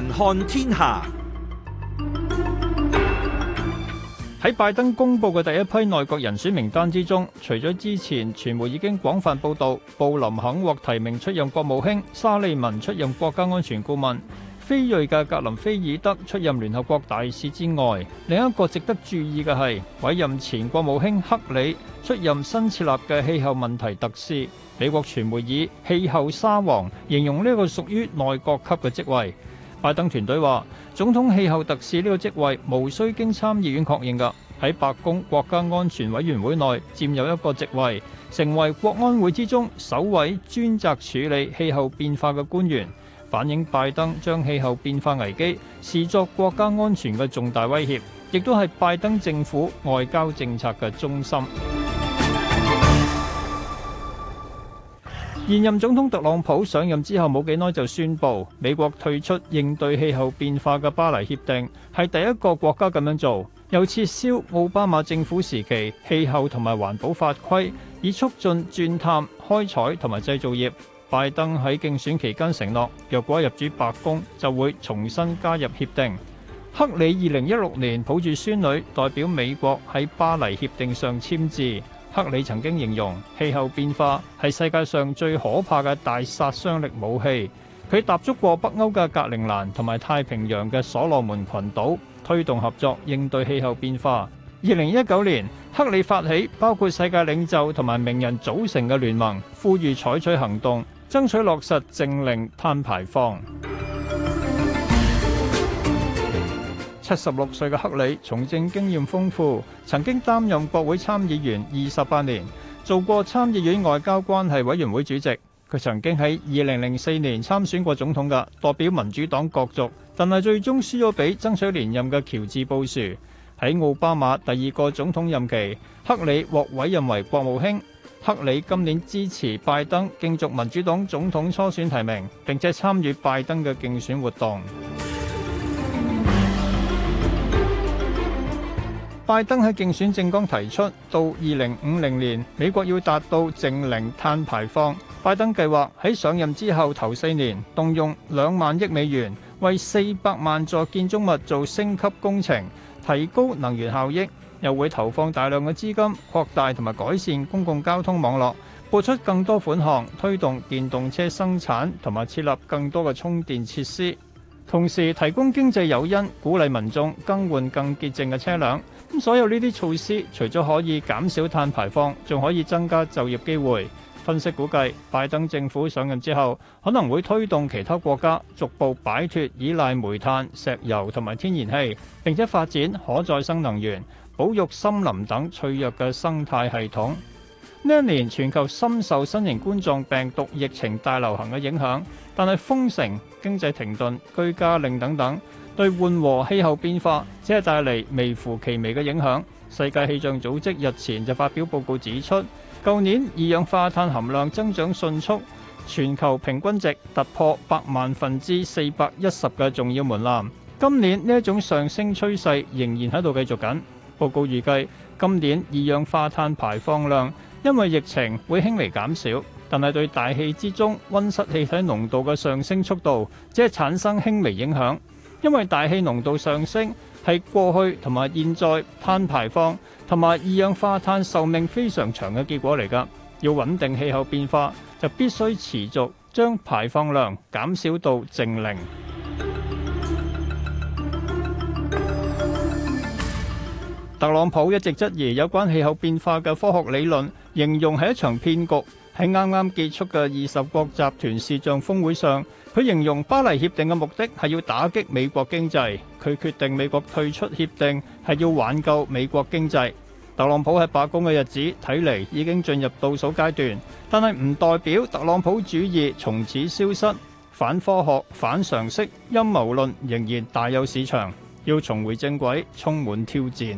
環看天下。喺拜登公布嘅第一批內閣人選名單之中，除咗之前傳媒已經廣泛報道布林肯獲提名出任國務卿、沙利文出任國家安全顧問、非裔嘅格林菲爾德出任聯合國大使之外，另一個值得注意嘅係委任前國務卿克里出任新設立嘅氣候問題特使。美國傳媒以氣候沙皇形容呢個屬於內閣級嘅職位。拜登團隊話：總統氣候特使呢個職位無需經參議院確認㗎，喺白宮國家安全委員會內佔有一個職位，成為國安會之中首位專責處理氣候變化嘅官員，反映拜登將氣候變化危機視作國家安全嘅重大威脅，亦都係拜登政府外交政策嘅中心。現任總統特朗普上任之後冇幾耐就宣布美國退出應對氣候變化嘅巴黎協定，係第一個國家咁樣做，又撤銷奧巴馬政府時期氣候同埋環保法規，以促進鑽探開採同埋製造業。拜登喺競選期間承諾，若果入主白宮就會重新加入協定。克里二零一六年抱住孫女代表美國喺巴黎協定上簽字。克里曾經形容氣候變化係世界上最可怕嘅大殺傷力武器。佢踏足過北歐嘅格陵蘭同埋太平洋嘅所羅門群島，推動合作應對氣候變化。二零一九年，克里發起包括世界領袖同埋名人組成嘅聯盟，呼籲採取行動，爭取落實淨零碳排放。七十六歲嘅克里，從政經驗豐富，曾經擔任國會參議員二十八年，做過參議院外交關係委員會主席。佢曾經喺二零零四年參選過總統嘅，代表民主黨角逐，但係最終輸咗俾爭取連任嘅喬治布殊。喺奧巴馬第二個總統任期，克里獲委任為國務卿。克里今年支持拜登競逐民主黨總統初選提名，並且參與拜登嘅競選活動。拜登喺競選政綱提出，到二零五零年美國要達到淨零碳排放。拜登計劃喺上任之後頭四年，動用兩萬億美元為四百萬座建築物做升級工程，提高能源效益。又會投放大量嘅資金擴大同埋改善公共交通網絡，撥出更多款項推動電動車生產同埋設立更多嘅充電設施，同時提供經濟誘因，鼓勵民眾更換更潔淨嘅車輛。咁所有呢啲措施，除咗可以減少碳排放，仲可以增加就業機會。分析估計，拜登政府上任之後，可能會推動其他國家逐步擺脫依賴煤炭、石油同埋天然氣，並且發展可再生能源、保育森林等脆弱嘅生態系統。呢一年全球深受新型冠狀病毒疫情大流行嘅影響，但係封城、經濟停頓、居家令等等。對緩和氣候變化只係帶嚟微乎其微嘅影響。世界氣象組織日前就發表報告指出，舊年二氧化碳含量增長迅速，全球平均值突破百萬分之四百一十嘅重要門檻。今年呢一種上升趨勢仍然喺度繼續緊。報告預計今年二氧化碳排放量因為疫情會輕微減少，但係對大氣之中溫室氣體濃度嘅上升速度只係產生輕微影響。因為大氣濃度上升係過去同埋現在碳排放同埋二氧化碳壽命非常長嘅結果嚟㗎，要穩定氣候變化就必須持續將排放量減少到淨零。特朗普一直質疑有關氣候變化嘅科學理論，形容係一場騙局。喺啱啱結束嘅二十國集團視像峰會上，佢形容巴黎協定嘅目的係要打擊美國經濟，佢決定美國退出協定係要挽救美國經濟。特朗普喺罷工嘅日子，睇嚟已經進入倒數階段，但係唔代表特朗普主義從此消失，反科學、反常識、陰謀論仍然大有市場，要重回正軌，充滿挑戰。